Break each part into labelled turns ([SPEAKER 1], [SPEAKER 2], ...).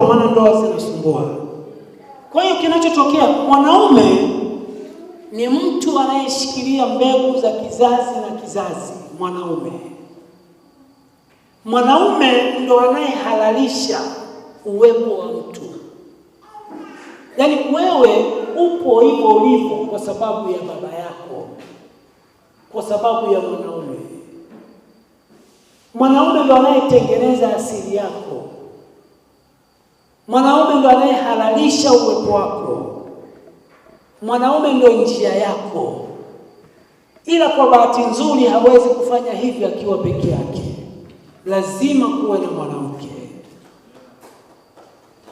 [SPEAKER 1] maana ndoa zinasumbua. Kwa hiyo kinachotokea, mwanaume ni mtu anayeshikilia mbegu za kizazi na kizazi. Mwanaume mwanaume ndo anayehalalisha uwepo wa mtu, yaani wewe upo hivyo ulivyo kwa sababu ya baba yako, kwa sababu ya mwanaume. Mwanaume ndo anayetengeneza asili yako. Mwanaume ndo anayehalalisha uwepo wako, mwanaume ndo njia yako, ila kwa bahati nzuri hawezi kufanya hivyo akiwa peke yake, lazima kuwe na mwanamke.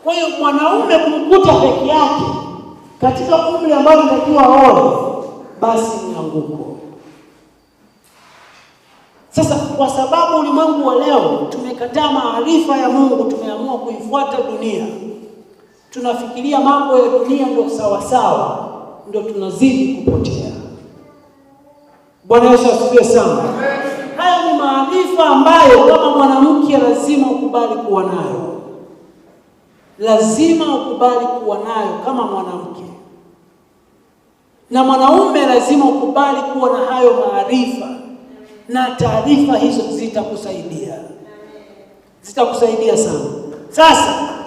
[SPEAKER 1] Kwa hiyo mwanaume kumkuta peke yake katika umri ambao natakiwa aoe, basi ni anguko. Sasa kwa sababu ulimwengu wa leo tumekataa maarifa ya Mungu, tumeamua kuifuata dunia, tunafikiria mambo ya dunia ndio sawasawa, ndio tunazidi kupotea. Bwana Yesu asifiwe sana. Haya ni maarifa ambayo kama mwanamke lazima ukubali kuwa nayo, lazima ukubali kuwa nayo kama mwanamke, na mwanaume lazima ukubali kuwa na hayo maarifa na taarifa hizo zitakusaidia, zitakusaidia sana. Sasa